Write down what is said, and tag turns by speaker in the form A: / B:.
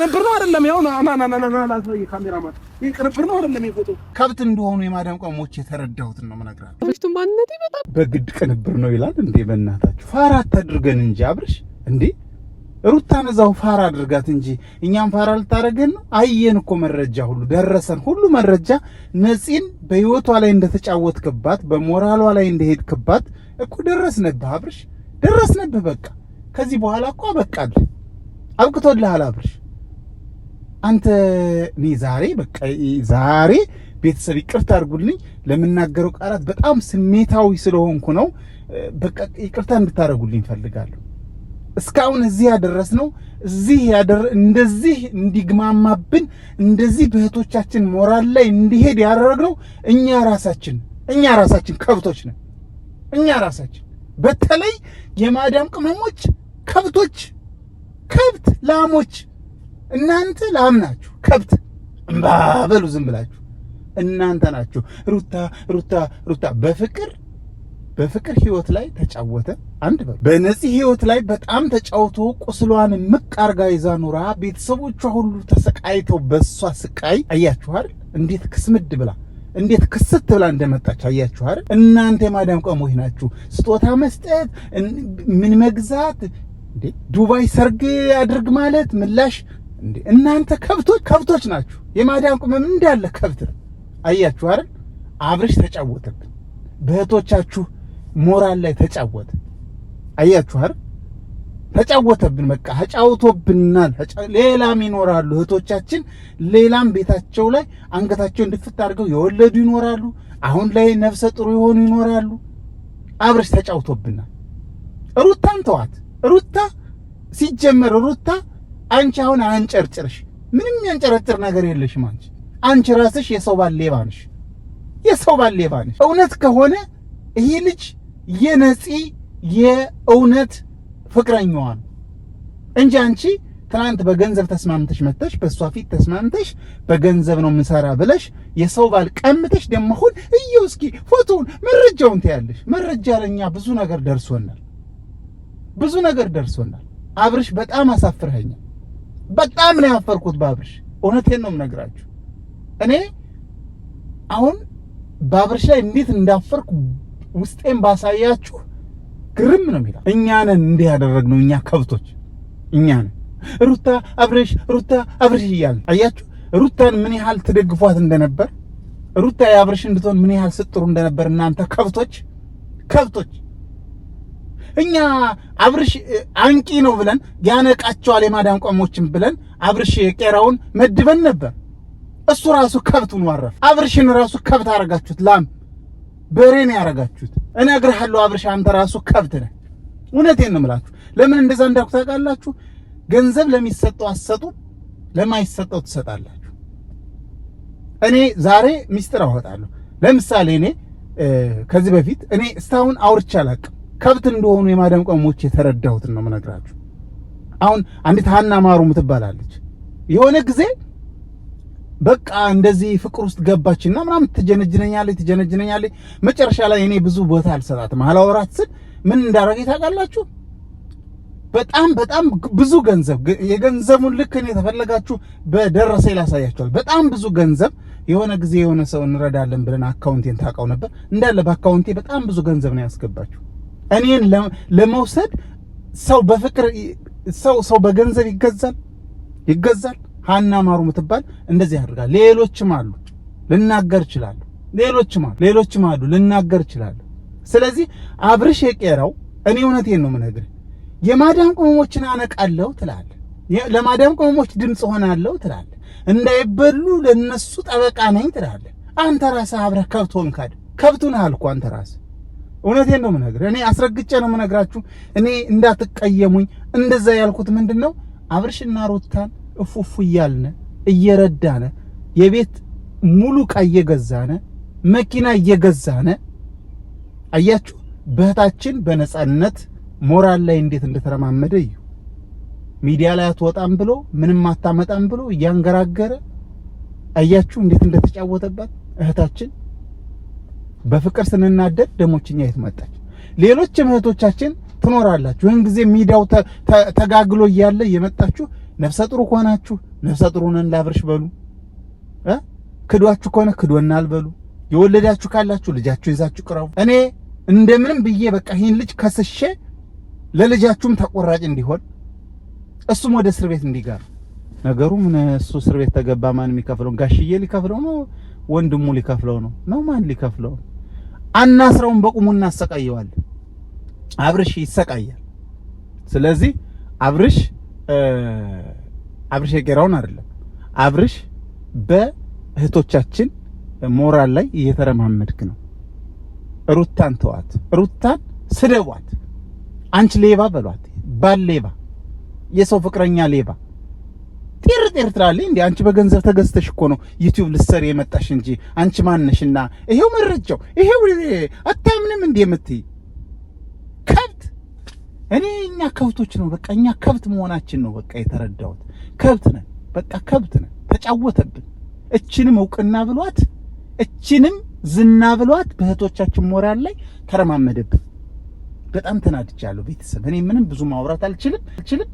A: ቅንብር ነው አይደለም? ያው ና ና ና ና ና ላሳይ ካሜራማን፣ ይሄ ቅንብር ነው አይደለም? ይሄ ፎቶ ከብት እንደሆኑ የማዳም ቀሞች የተረዳሁትን ነው የምነግርህ።
B: አብሽቱ ማንነቴ በጣም
A: በግድ ቅንብር ነው ይላል እንዴ! በእናታችሁ ፋራ አታድርገን እንጂ አብርሽ እንዴ! ሩታን እዛው ፋራ አድርጋት እንጂ እኛም ፋራ ልታደርገን ነው። አየን እኮ መረጃ ሁሉ ደረሰን፣ ሁሉ መረጃ ነፂን በህይወቷ ላይ እንደተጫወትክባት፣ በሞራሏ ላይ እንደሄድክባት እኮ ደረስንብህ አብርሽ፣ ደረስንብህ። በቃ ከዚህ በኋላ እኮ አበቃልህ፣ አብቅቶልሃል አብርሽ። አንተ እኔ ዛሬ በቃ ዛሬ ቤተሰብ ይቅርታ አድርጉልኝ፣ ለምናገረው ቃላት በጣም ስሜታዊ ስለሆንኩ ነው። በቃ ይቅርታ እንድታደርጉልኝ እፈልጋለሁ። እስካሁን እዚህ ያደረስነው እዚህ እንደዚህ እንዲግማማብን እንደዚህ በእህቶቻችን ሞራል ላይ እንዲሄድ ያደረግነው እኛ ራሳችን እኛ ራሳችን ከብቶች ነን። እኛ ራሳችን በተለይ የማዳም ቅመሞች ከብቶች፣ ከብት ላሞች እናንተ ላም ናችሁ፣ ከብት እምባ ዝም ብላችሁ እናንተ ናችሁ። ሩታ ሩታ ሩታ በፍቅር በፍቅር ህይወት ላይ ተጫወተ። አንድ በሉ በነዚህ ህይወት ላይ በጣም ተጫውቶ ቁስሏን ምቅ አርጋ ይዛ ኑራ ቤተሰቦቿ ሁሉ ተሰቃይተው በእሷ ስቃይ አያችኋል። እንዴት ክስምድ ብላ እንዴት ክስት ብላ እንደመጣች አያችኋል። እናንተ የማዳም ቀሞች ናችሁ። ስጦታ መስጠት፣ ምን መግዛት፣ ዱባይ ሰርግ አድርግ ማለት ምላሽ እናንተ ከብቶች ከብቶች ናችሁ። የማዳን ቁመም እንዳለ ከብት አያችሁ አይደል? አብርሽ ተጫወተብን። በእህቶቻችሁ ሞራል ላይ ተጫወተ። አያችሁ አይደል? ተጫወተብን። በቃ ተጫውቶብናል። ሌላም ይኖራሉ እህቶቻችን፣ ሌላም ቤታቸው ላይ አንገታቸው እንድፍት አድርገው የወለዱ ይኖራሉ። አሁን ላይ ነፍሰ ጥሩ የሆኑ ይኖራሉ። አብርሽ ተጫውቶብናል። ሩታን ተዋት። ሩታ ሲጀመር ሩታ አንቺ አሁን አንጨርጭርሽ፣ ምንም ያንጨረጭር ነገር የለሽም። አንቺ አንቺ ራስሽ የሰው ባል ሌባ ነሽ፣ የሰው ባል ሌባ ነሽ። እውነት ከሆነ ይህ ልጅ የነፂ የእውነት ፍቅረኛዋ ነው እንጂ አንቺ ትናንት በገንዘብ ተስማምተሽ መጥተሽ በእሷ ፊት ተስማምተሽ በገንዘብ ነው የምሰራ ብለሽ የሰው ባል ቀምተሽ ደግሞ አሁን እየው እስኪ ፎቶውን መረጃውን ትያለሽ። መረጃ ለኛ ብዙ ነገር ደርሶናል፣ ብዙ ነገር ደርሶናል። አብርሽ በጣም አሳፍርኸኛል። በጣም ነው ያፈርኩት ባብርሽ። እውነቴን ነው የምነግራችሁ። እኔ አሁን ባብርሽ ላይ እንዴት እንዳፈርኩ ውስጤን ባሳያችሁ ግርም ነው የሚለው። እኛ ነን እንዲህ ያደረግነው፣ እኛ ከብቶች፣ እኛ ነን። ሩታ አብርሽ፣ ሩታ አብርሽ እያልን አያችሁ፣ ሩታን ምን ያህል ትደግፏት እንደነበር፣ ሩታ የአብርሽ እንድትሆን ምን ያህል ስጥሩ እንደነበር እናንተ ከብቶች፣ ከብቶች እኛ አብርሽ አንቂ ነው ብለን ያነቃቸዋል የማዳን ቋሞችን ብለን አብርሽ ቄራውን መድበን ነበር። እሱ ራሱ ከብቱን ዋረፍ አብርሽን ራሱ ከብት አረጋችሁት፣ ላም በሬን ያረጋችሁት። እነግርሃለሁ አብርሽ አንተ ራሱ ከብት ነህ። እውነቴን ነው የምላችሁ። ለምን እንደዛ እንዳልኩ ታውቃላችሁ? ገንዘብ ለሚሰጠው አትሰጡ፣ ለማይሰጠው ትሰጣላችሁ። እኔ ዛሬ ሚስጥር አወጣለሁ። ለምሳሌ እኔ ከዚህ በፊት እኔ እስካሁን አውርቼ አላውቅም ከብት እንደሆኑ የማዳም ቀሞች የተረዳሁትን ነው የምነግራችሁ። አሁን አንዲት ሀና ማሩ ምትባላለች የሆነ ጊዜ በቃ እንደዚህ ፍቅር ውስጥ ገባችና ምናምን ትጀነጅነኛለች ትጀነጅነኛለች። መጨረሻ ላይ እኔ ብዙ ቦታ አልሰጣትም። አላወራት ስል ምን እንዳረገ ታውቃላችሁ? በጣም በጣም ብዙ ገንዘብ የገንዘቡን ልክ እኔ ተፈለጋችሁ በደረሰ ላሳያችኋል። በጣም ብዙ ገንዘብ የሆነ ጊዜ የሆነ ሰው እንረዳለን ብለን አካውንቴን ታውቀው ነበር እንዳለ በአካውንቴ በጣም ብዙ ገንዘብ ነው ያስገባችሁ እኔን ለመውሰድ ሰው በፍቅር ሰው ሰው በገንዘብ ይገዛል ይገዛል። ሀና ማሩ ምትባል እንደዚህ ያደርጋል። ሌሎችም አሉ ልናገር እችላለሁ። ሌሎችም አሉ ሌሎችም አሉ ልናገር እችላለሁ። ስለዚህ አብርሽ የቄራው እኔ እውነቴን ነው የምነግርህ። የማዳም ቅመሞችን አነቃለሁ ትላለህ፣ ለማዳም ቅመሞች ድምፅ ሆናለሁ ትላለህ፣ እንዳይበሉ ለነሱ ጠበቃ ነኝ ትላለህ። አንተ ራስህ አብረህ ከብቶን ካድ ከብቱን አልኩ አንተ ራስህ እውነቴን ነው የምነግርህ። እኔ አስረግጬ ነው የምነግራችሁ። እኔ እንዳትቀየሙኝ። እንደዛ ያልኩት ምንድን ነው አብርሽና ሩታን እፉፉ እያልነ እየረዳነ የቤት ሙሉ ዕቃ እየገዛነ መኪና እየገዛነ አያችሁ፣ በእህታችን በነጻነት ሞራል ላይ እንዴት እንደተረማመደ እዩ። ሚዲያ ላይ አትወጣም ብሎ ምንም አታመጣም ብሎ እያንገራገረ አያችሁ እንዴት እንደተጫወተባት እህታችን በፍቅር ስንናደድ ደሞችኛ የት መጣች? ሌሎች እህቶቻችን ትኖራላችሁ። ይህን ጊዜ ሚዲያው ተጋግሎ እያለ የመጣችሁ ነፍሰ ጥሩ ከሆናችሁ ነፍሰ ጥሩ ነን ላብርሽ በሉ። ክዷችሁ ከሆነ ክዶናል በሉ። የወለዳችሁ ካላችሁ ልጃችሁ ይዛችሁ ቅረቡ። እኔ እንደምንም ብዬ በቃ ይህን ልጅ ከስሼ ለልጃችሁም ተቆራጭ እንዲሆን እሱም ወደ እስር ቤት እንዲጋር ነገሩ ምን እሱ እስር ቤት ተገባ ማን የሚከፍለው? ጋሽዬ ሊከፍለው ነው? ወንድሙ ሊከፍለው ነው ነው ማን ሊከፍለው ስራውን በቁሙ እናሰቃየዋለን። አብርሽ ይሰቃያል። ስለዚህ አብርሽ አብርሽ የጌራውን አይደለም አብርሽ በእህቶቻችን ሞራል ላይ እየተረማመድክ ነው። ሩታን ተዋት፣ ሩታን ስደቧት፣ አንቺ ሌባ በሏት፣ ባል ሌባ፣ የሰው ፍቅረኛ ሌባ ጤር ጤር ትላለች እንዴ? አንቺ በገንዘብ ተገዝተሽ እኮ ነው ዩቲዩብ ልትሰሪ የመጣሽ እንጂ አንቺ ማነሽና? ይሄው መረጃው ይሄው አታምንም እንዴ የምትይ ከብት። እኔ እኛ ከብቶች ነው በቃ እኛ ከብት መሆናችን ነው በቃ የተረዳሁት። ከብት ነን በቃ ከብት ነን። ተጫወተብን። እችንም እውቅና ብሏት እችንም ዝና ብሏት በእህቶቻችን ሞራል ላይ ተረማመደብን። በጣም ተናድጃለሁ ቤተሰብ። እኔ ምንም ብዙ ማውራት አልችልም አልችልም።